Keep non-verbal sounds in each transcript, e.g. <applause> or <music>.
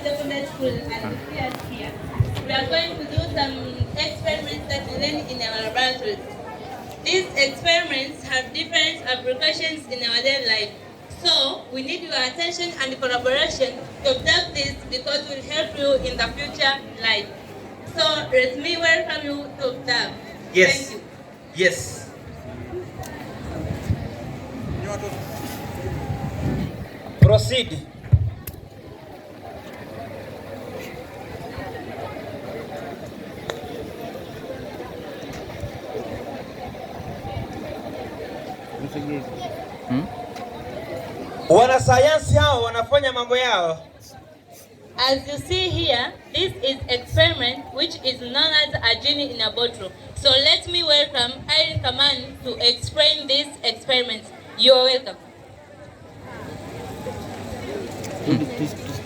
secondary school and are here. We are going to do some experiments that we learn in our laboratory. These experiments have different applications in our daily life. So we need your attention and collaboration to observe this because it will help you in the future life. So let me welcome you to observe. Yes. Thank you. Yes. Proceed. hmm? Wanasayansi hao wanafanya mambo yao. As you see here, this is experiment which is known as a genie in a bottle. So let me welcome Irene Kaman to explain this experiment. You are welcome. Hmm.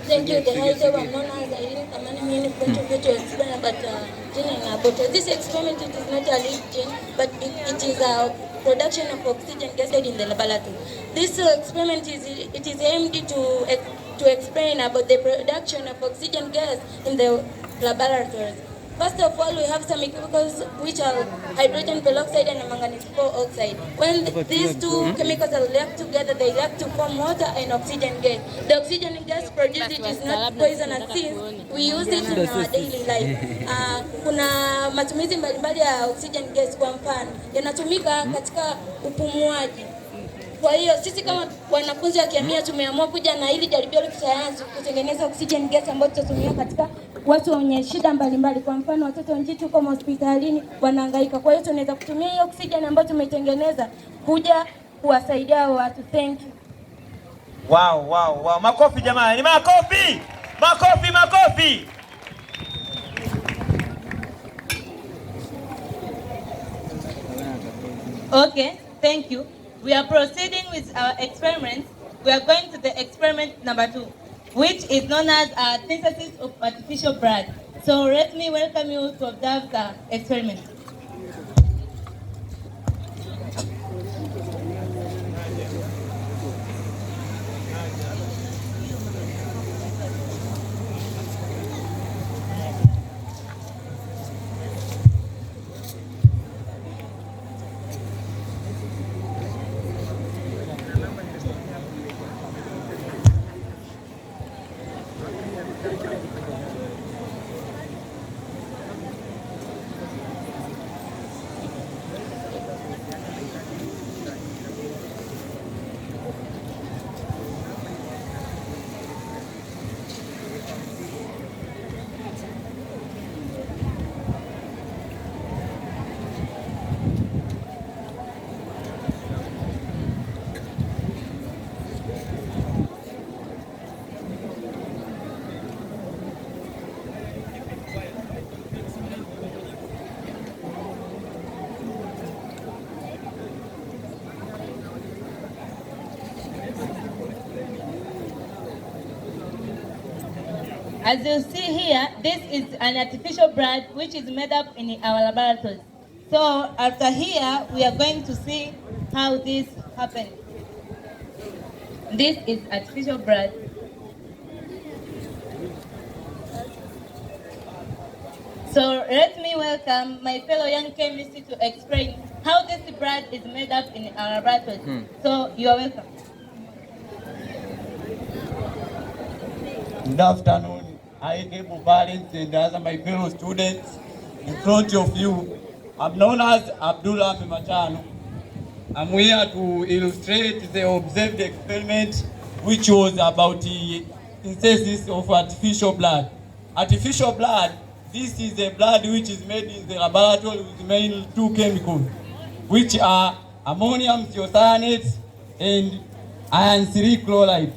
Thank you. The health of known as Irene Kaman mean contribute to explain about uh, genie in a bottle. This experiment it is not a lead gene, but it, it is a production of oxygen gas in the laboratory. This uh, experiment is it is aimed to, to explain about the production of oxygen gas in the laboratories. First of all, we have some chemicals which are hydrogen peroxide and manganese oxide. When th these two chemicals are left together, they react to form water and oxygen gas. The oxygen gas produced is not poisonous since we use it in our daily life. <laughs> Uh, kuna matumizi mbalimbali ya oxygen gas kwa mfano yanatumika hmm. katika upumuaji. Kwa hiyo sisi kama wanafunzi wa kemia tumeamua kuja na hili jaribio la kisayansi kutengeneza oxygen gas ambayo tutatumia katika watu wenye shida mbalimbali. Kwa mfano watoto njiti huko hospitalini wanahangaika, kwa hiyo tunaweza kutumia hiyo oksijeni ambayo tumetengeneza kuja kuwasaidia hao watu. Thank you. Wow, wow, wow. Makofi jamani, makofi, makofi, makofi. Okay, thank you. We are proceeding with our experiment. We are going to the experiment number two. which is known as a uh, synthesis of artificial blood. So let me welcome you to observe the experiment. As you see here, this is an artificial blood which is made up in our laboratories. So after here, we are going to see how this happens. This is artificial blood. So let me welcome my fellow young chemistry to explain how this blood is made up in our laboratories. Hmm. So you are welcome. Good afternoon. I gave parents, and other my fellow students in front of you. I'm known as Abdullah Machano. I'm here to illustrate the observed experiment which was about the synthesis of artificial blood. Artificial blood, this is the blood which is made in the laboratory with mainly two chemicals, which are ammonium thiocyanate and iron chloride.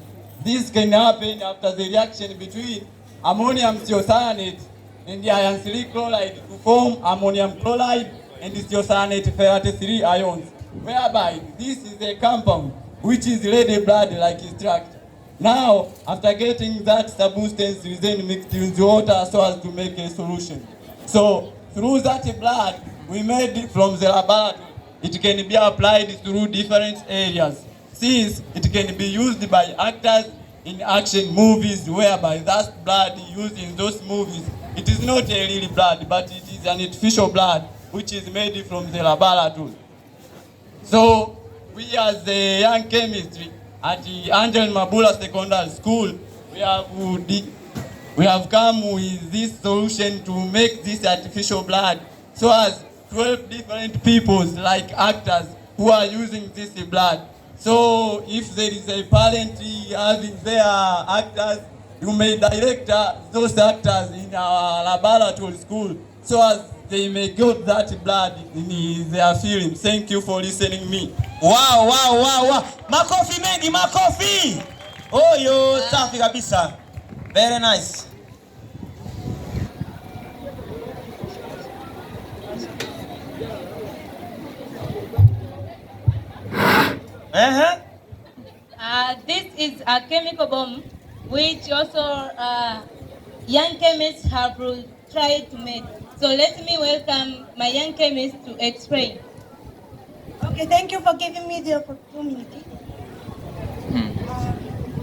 This can happen after the reaction between ammonium thiocyanate and iron3 chloride to form ammonium chloride and thiocyanate ferrate 3 ions whereby this is a compound which is red blood like structure. Now, after getting that substance, we then mixed with water so as to make a solution. So, through that blood we made from the laboratory, it can be applied through different areas since it can be used by actors in action movies whereby that blood used in those movies, it is not a real blood, but it is an artificial blood which is made from the laboratory. So we as the young chemistry at the Angel Mabula Secondary School, we have, we have come with this solution to make this artificial blood so as 12 different peoples like actors who are using this blood So if there is a parent having their actors, you may direct those actors in our laboratory school so as they may get that blood in their film. Thank you for listening me. Wow, wow, wow, wow. Makofi mengi, makofi. Oyo, safi kabisa. Very nice. Uh-huh. Uh, this is a chemical bomb which also uh, young chemists have tried to make. So let me welcome my young chemist to explain. Okay, thank you for giving me the opportunity. Hmm.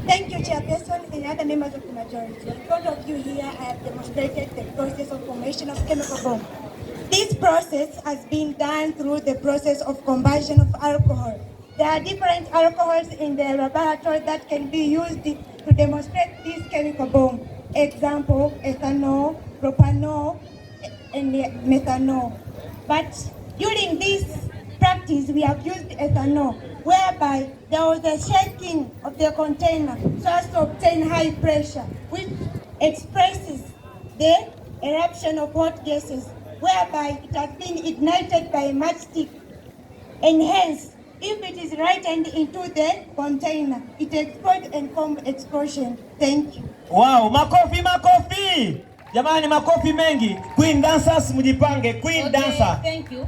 thank you, Chairperson and other members of the majority. All of you here have demonstrated the process of formation of chemical bomb. This process has been done through the process of combustion of alcohol there are different alcohols in the laboratory that can be used to demonstrate this chemical bomb. Example, ethanol, propanol, and methanol. But during this practice, we have used ethanol, whereby there was a shaking of the container so as to obtain high pressure, which expresses the eruption of hot gases, whereby it has been ignited by a matchstick. And hence, if it is rightened into the container. It explodes and forms explosion. Thank you. Wow, makofi makofi. Jamani makofi mengi. Queen dancers mujipange. Queen okay, dancer. Thank you.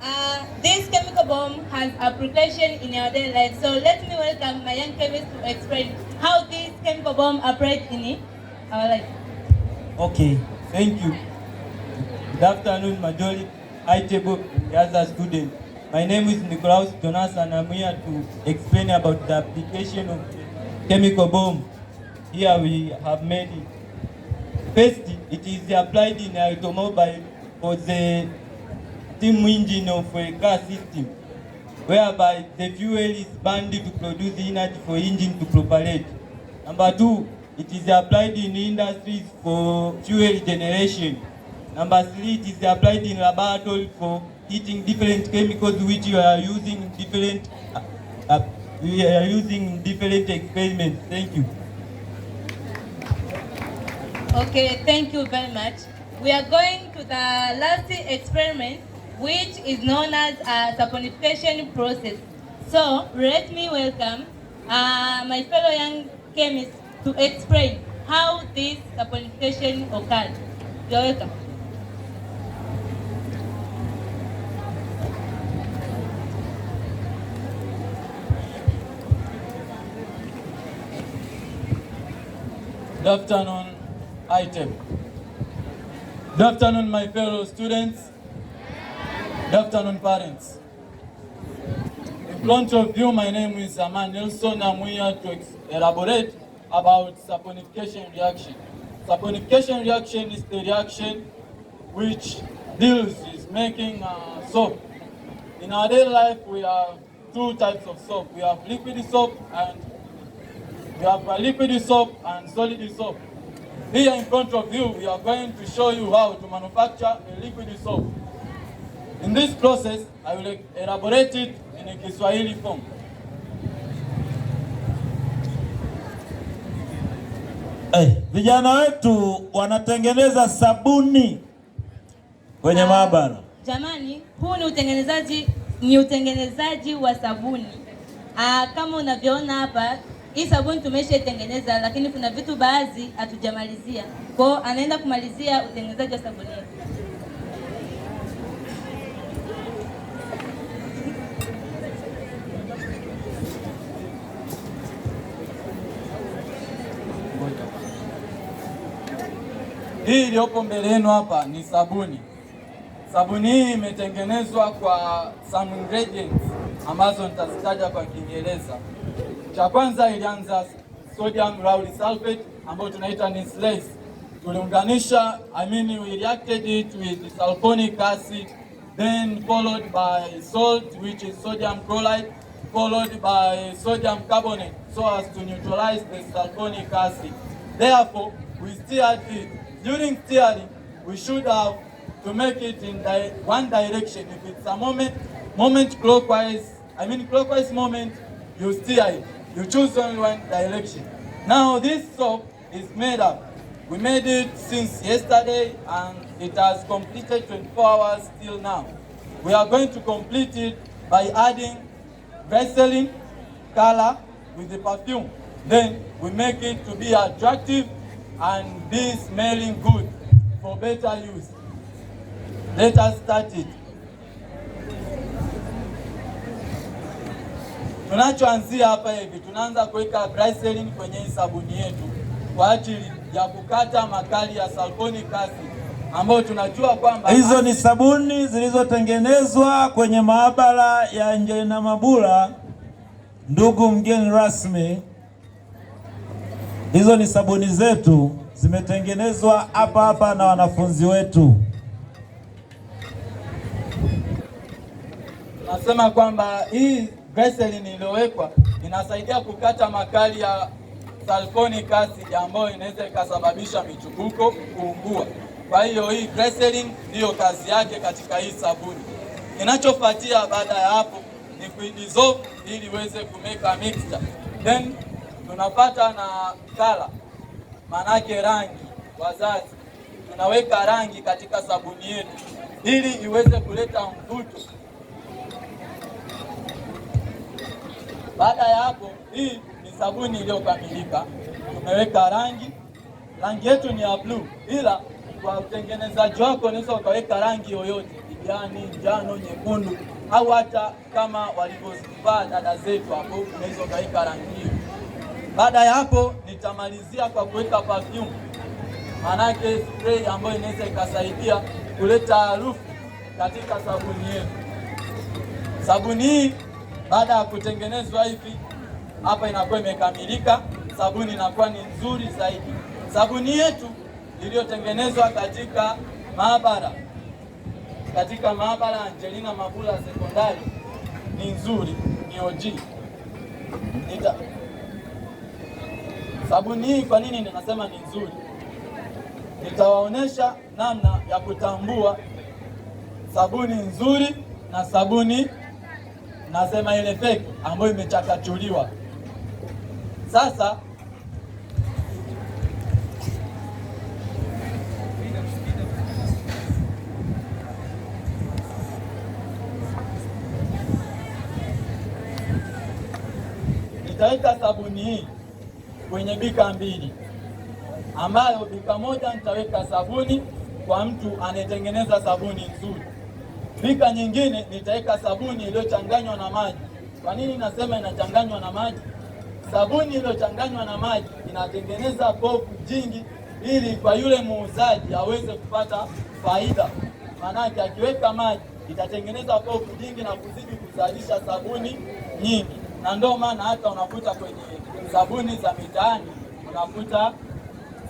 Uh, this chemical bomb has application in our daily life. So let me welcome my young chemist to explain how this chemical bomb operates in our life. Okay, thank you. Good afternoon, Majoli. I table as a student. My name is Nicolaus Jonas and I'm here to explain about the application of chemical bomb. Here we have made it. First, it is applied in automobile for the steam engine of a car system, whereby the fuel is burned to produce energy for engine to propagate. Number two, it is applied in industries for fuel generation. Number three, it is applied in laboratory for eating different chemicals which you are using different uh, uh, we are using different experiments. Thank you. Okay, thank you very much. We are going to the last experiment, which is known as a saponification process. So let me welcome uh, my fellow young chemists to explain how this saponification occurs. You're welcome. Good afternoon, item. Good afternoon, my fellow students. Good afternoon, parents. In front of you, my name is Aman Nelson. I'm here to elaborate about saponification reaction. Saponification reaction is the reaction which deals with making uh, soap. In our daily life, we have two types of soap. We have liquid soap and We have a liquid soap and solid soap. Here in front of you, we are going to show you how to manufacture a liquid soap. In this process, I will elaborate it in a Kiswahili form. Hey, eh, vijana wetu wanatengeneza sabuni kwenye uh, maabara. Jamani, huu ni utengenezaji ni utengenezaji wa sabuni. Uh, kama unavyoona hapa hii sabuni tumeshaitengeneza, lakini kuna vitu baadhi hatujamalizia. Kwa hiyo anaenda kumalizia utengenezaji wa sabuni. Hii iliyopo mbele yenu hapa ni sabuni. Sabuni hii imetengenezwa kwa some ingredients ambazo nitazitaja kwa Kiingereza. Cha kwanza ilianza sodium lauryl sulfate ambayo tunaita ni SLACE. Tuliunganisha, I mean we reacted it with sulfonic acid then followed by salt which is sodium chloride followed by sodium carbonate so as to neutralize the sulfonic acid. Therefore, we steered it. During steering, we should have to make it in di one direction. If it's a moment, moment clockwise, I mean clockwise moment, you steer it you choose only one direction. Now this soap is made up. We made it since yesterday and it has completed 24 hours till now. We are going to complete it by adding Vaseline color with the perfume. Then we make it to be attractive and be smelling good for better use. Let us start it. Tunachoanzia hapa hivi, tunaanza kuweka glycerin kwenye hii sabuni yetu kwa ajili ya kukata makali ya sulfonic acid ambayo tunajua kwamba hizo ni sabuni zilizotengenezwa kwenye maabara ya Angelina Mabula. Ndugu mgeni rasmi, hizo ni sabuni zetu zimetengenezwa hapa hapa na wanafunzi wetu. Nasema kwamba hii veseli lililowekwa inasaidia kukata makali ya sulfonic acid ambayo inaweza ikasababisha michubuko kuungua. Kwa hiyo hii glycerin ndiyo kazi yake katika hii sabuni. Kinachofuatia baada ya hapo ni kuidissolve ili iweze kumeka mixture, then tunapata na kala, manake rangi. Wazazi, tunaweka rangi katika sabuni yetu ili iweze kuleta mvuto Baada ya hapo, hii ni sabuni iliyokamilika. Tumeweka rangi, rangi yetu ni ya bluu, ila kwa utengenezaji wako unaweza ukaweka rangi yoyote, kijani, njano, nyekundu au hata kama walivyozivaa dada zetu hapo, unaweza ukaweka rangi hiyo. Baada ya hapo, nitamalizia kwa kuweka perfume, maanake spray ambayo inaweza ikasaidia kuleta harufu katika sabuni yetu. Sabuni hii baada ya kutengenezwa hivi hapa inakuwa imekamilika, sabuni inakuwa ni nzuri zaidi. Sabuni yetu iliyotengenezwa katika maabara katika maabara Angelina Mabula Sekondari ni nzuri, ni OG. Nita sabuni hii, kwa nini ninasema ni nzuri? Nitawaonesha namna ya kutambua sabuni nzuri na sabuni nasema ile fake ambayo imechakachuliwa. Sasa nitaweka sabuni hii kwenye bika mbili, ambayo bika moja nitaweka sabuni kwa mtu anayetengeneza sabuni nzuri Bika nyingine nitaweka sabuni iliyochanganywa na maji. Kwa nini nasema inachanganywa na maji? Sabuni iliyochanganywa na maji inatengeneza povu jingi, ili kwa yule muuzaji aweze kupata faida. Maanake akiweka maji itatengeneza povu jingi na kuzidi kuzalisha sabuni nyingi, na ndio maana hata unakuta kwenye sabuni za mitaani unakuta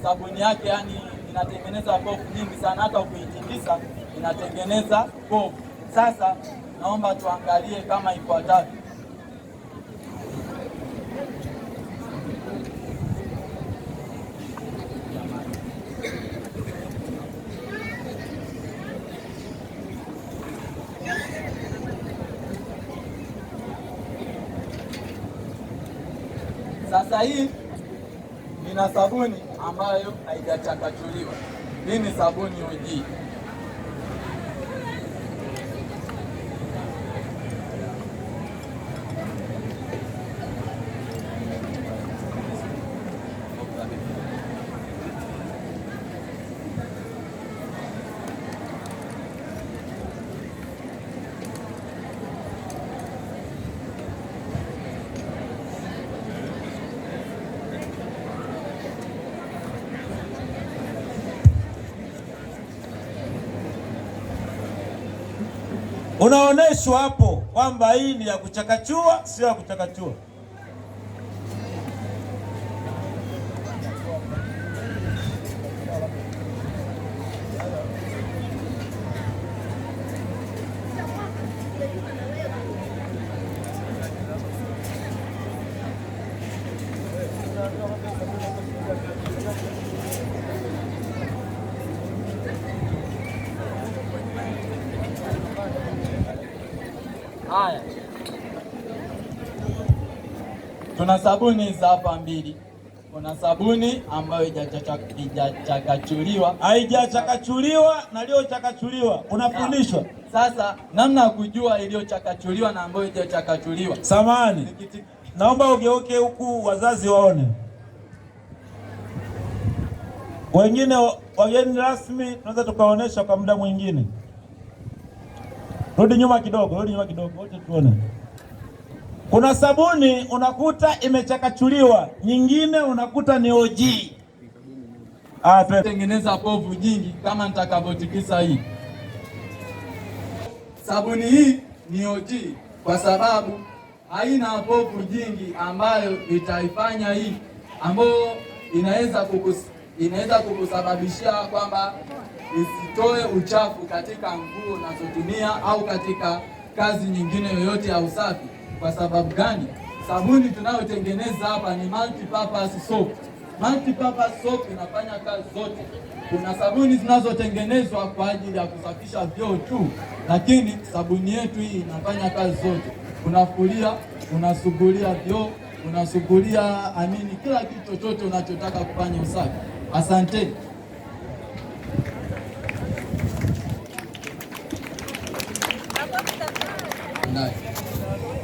sabuni yake, yani inatengeneza povu nyingi sana, hata ukuitingisa inatengeneza povu. Sasa naomba tuangalie kama ifuatavyo. Sasa hii nina sabuni ambayo haijachakachuliwa. Hii ni sabuni uji Tumeonyeshwa hapo kwamba hii ni ya kuchakachua, sio ya kuchakachua. Haya, tuna sabuni za hapa mbili. Kuna sabuni ambayo haijachakachuliwa, haijachakachuliwa na iliyochakachuliwa. Unafundishwa sasa namna ya kujua iliyochakachuliwa na ambayo haijachakachuliwa. Samani, naomba ugeuke huku, wazazi waone wengine wageni rasmi tunaweza tukaonesha kwa muda mwingine. Rudi nyuma kidogo, rudi nyuma kidogo, wote tuone. Kuna sabuni unakuta imechakachuliwa, nyingine unakuta ni OG. Ah, tengeneza povu jingi kama nitakavyotikisa hii sabuni. Hii ni OG kwa sababu haina povu jingi ambayo itaifanya hii ambayo inaweza kukus, inaweza kukusababishia kwamba isitoe uchafu katika nguo unazotumia au katika kazi nyingine yoyote ya usafi. Kwa sababu gani? Sabuni tunayotengeneza hapa ni multipurpose soap. Multipurpose soap inafanya kazi zote. Kuna sabuni zinazotengenezwa kwa ajili ya kusafisha vyoo tu, lakini sabuni yetu hii inafanya kazi zote. Unafulia, unasugulia vyoo, unasugulia amini, kila kitu chochote unachotaka kufanya usafi. Asanteni.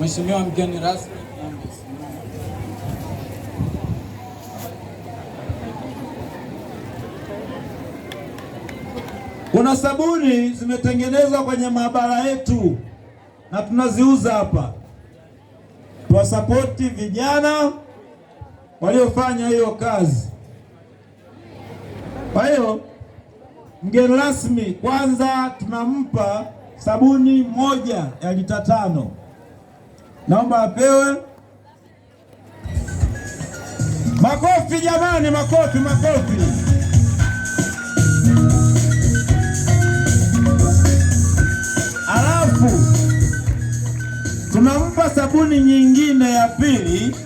Mheshimiwa mgeni rasmi kuna sabuni zimetengenezwa kwenye maabara yetu na tunaziuza hapa. Tuwasapoti vijana waliofanya hiyo kazi. Kwa hiyo mgeni rasmi, kwanza tunampa sabuni moja ya lita tano naomba apewe makofi jamani, makofi, makofi. Alafu tunampa sabuni nyingine ya pili,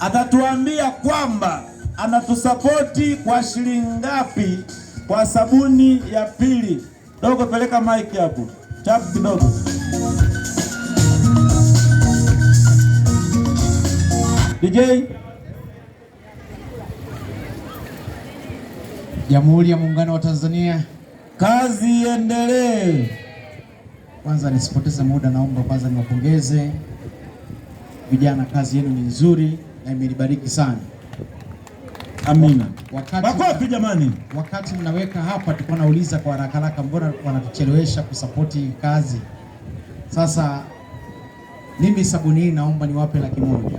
atatuambia kwamba anatusapoti kwa shilingi ngapi kwa sabuni ya pili. Dogo, peleka mike hapo, chapu kidogo. DJ Jamhuri ya Muungano wa Tanzania, kazi iendelee. Kwanza nisipoteze muda, naomba kwanza niwapongeze vijana, kazi yenu ni nzuri na imenibariki sana. Amina. Wakati jamani, wakati mnaweka hapa, tulikuwa nauliza kwa haraka haraka, mbona wanatuchelewesha kusapoti kazi? Sasa mimi sabuni, naomba niwape laki moja.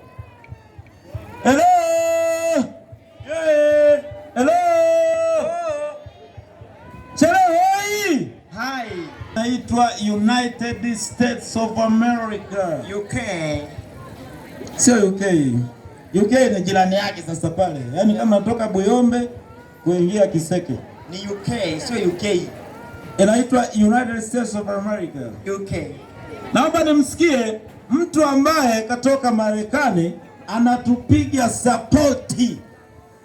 Hello. Hello? Hello. Oh. Hello? Hi. Naitwa United States of America. UK. Sio UK. UK ni jirani yake sasa pale. Yaani kama natoka Buyombe kuingia Kiseke. Ni UK, sio UK. Inaitwa United States of America. UK. Naomba nimsikie mtu ambaye katoka Marekani anatupiga sapoti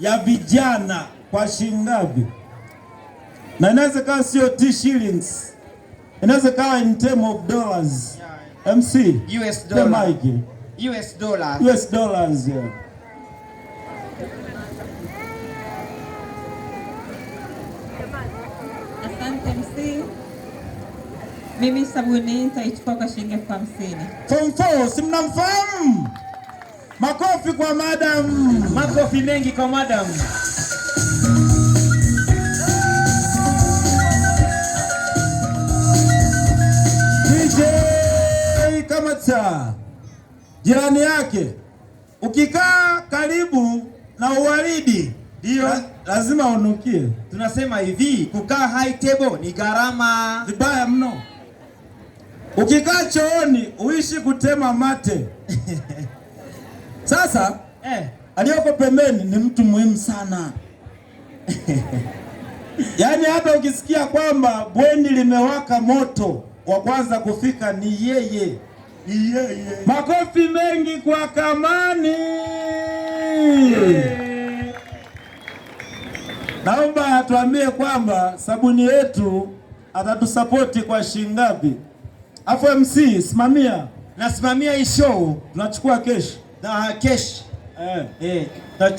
ya vijana kwa shingavi, na inaweza kawa sio t shillings, inaweza kawa in term of dollars MC US dollar. US dollar. US dollars yeah. Asante MC. Mimi sabuni nitaichukua kwa shilingi elfu hamsini. Form 4 simnamfahamu Makofi kwa madam. Makofi mengi kwa madam. DJ Kamata, jirani yake ukikaa karibu na uwaridi ndio lazima unukie. Tunasema hivi kukaa high table ni gharama vibaya mno. Ukikaa chooni uishi kutema mate <laughs> Sasa eh, aliyoko pembeni ni mtu muhimu sana <laughs> yaani hata ukisikia kwamba bweni limewaka moto, wa kwanza kufika ni yeye. Ni yeye. Makofi mengi kwa Kamani. Naomba atuambie kwamba sabuni yetu atatusapoti kwa shilingi ngapi? Afu MC simamia, nasimamia hii show tunachukua kesho daha keş. Evet. Evet. Da